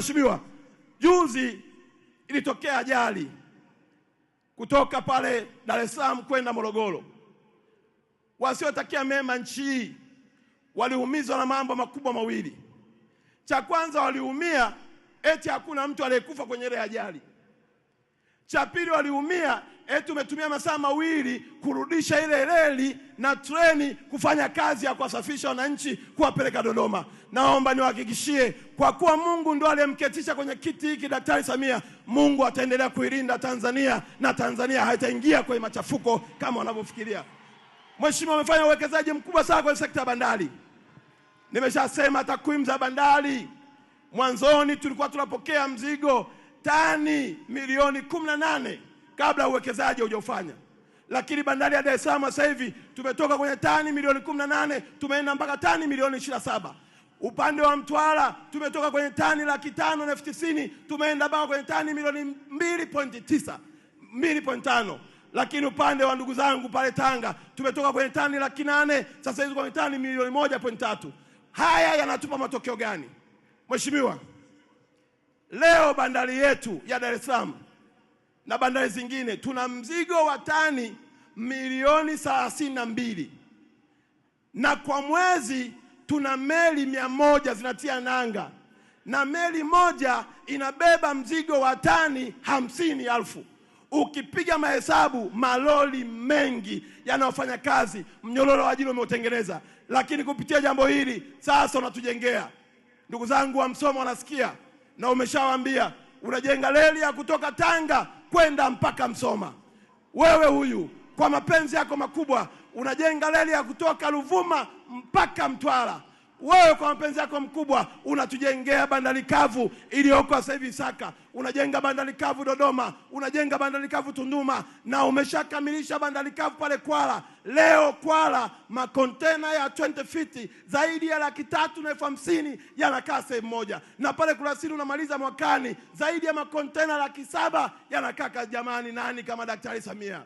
mheshimiwa juzi ilitokea ajali kutoka pale Dar es Salaam kwenda Morogoro. Wasiotakia mema nchi hii waliumizwa na mambo makubwa mawili. Cha kwanza waliumia eti hakuna mtu aliyekufa kwenye ile ajali. Cha pili waliumia eti umetumia masaa mawili kurudisha ile reli na treni kufanya kazi ya kuwasafisha wananchi kuwapeleka Dodoma. Naomba niwahakikishie, kwa kuwa Mungu ndo aliyemketisha kwenye kiti hiki Daktari Samia, Mungu ataendelea kuilinda Tanzania na Tanzania haitaingia kwenye machafuko kama wanavyofikiria. Mheshimiwa, amefanya uwekezaji mkubwa sana kwenye sekta ya bandari. Nimeshasema takwimu za bandari, mwanzoni tulikuwa tunapokea mzigo tani milioni kumi na nane kabla uwekezaji hujafanya. Lakini bandari ya Dar es Salaam sasa hivi tumetoka kwenye tani milioni 18 tumeenda mpaka tani milioni 27. upande wa Mtwara tumetoka kwenye tani laki tano na elfu tisini tumeenda mpaka kwenye tani milioni 2.9 2.5. lakini upande wa ndugu zangu pale Tanga tumetoka kwenye tani laki nane sasa hizi kwenye tani milioni 1.3. Haya yanatupa matokeo gani? Mheshimiwa, leo bandari yetu ya Dar es Salaam na bandari zingine tuna mzigo wa tani milioni thelathini na mbili na kwa mwezi tuna meli mia moja zinatia nanga na meli moja inabeba mzigo wa tani hamsini elfu. Ukipiga mahesabu, maloli mengi yanayofanya kazi, mnyororo wa ajira umeutengeneza. Lakini kupitia jambo hili sasa unatujengea. Ndugu zangu wa Msoma wanasikia na umeshawaambia, unajenga reli ya kutoka Tanga kwenda mpaka Msoma. Wewe huyu kwa mapenzi yako makubwa unajenga reli ya kutoka Ruvuma mpaka Mtwara wewe kwa mapenzi yako mkubwa unatujengea bandari kavu iliyoko sasa hivi Isaka, unajenga bandari kavu Dodoma, unajenga bandari kavu Tunduma, na umeshakamilisha bandari kavu pale Kwala. Leo Kwala makontena ya 20 feet zaidi ya laki tatu na elfu hamsini yanakaa sehemu moja, na pale Kurasini unamaliza mwakani zaidi ya makontena laki saba yanakaa. Jamani, nani kama Daktari Samia?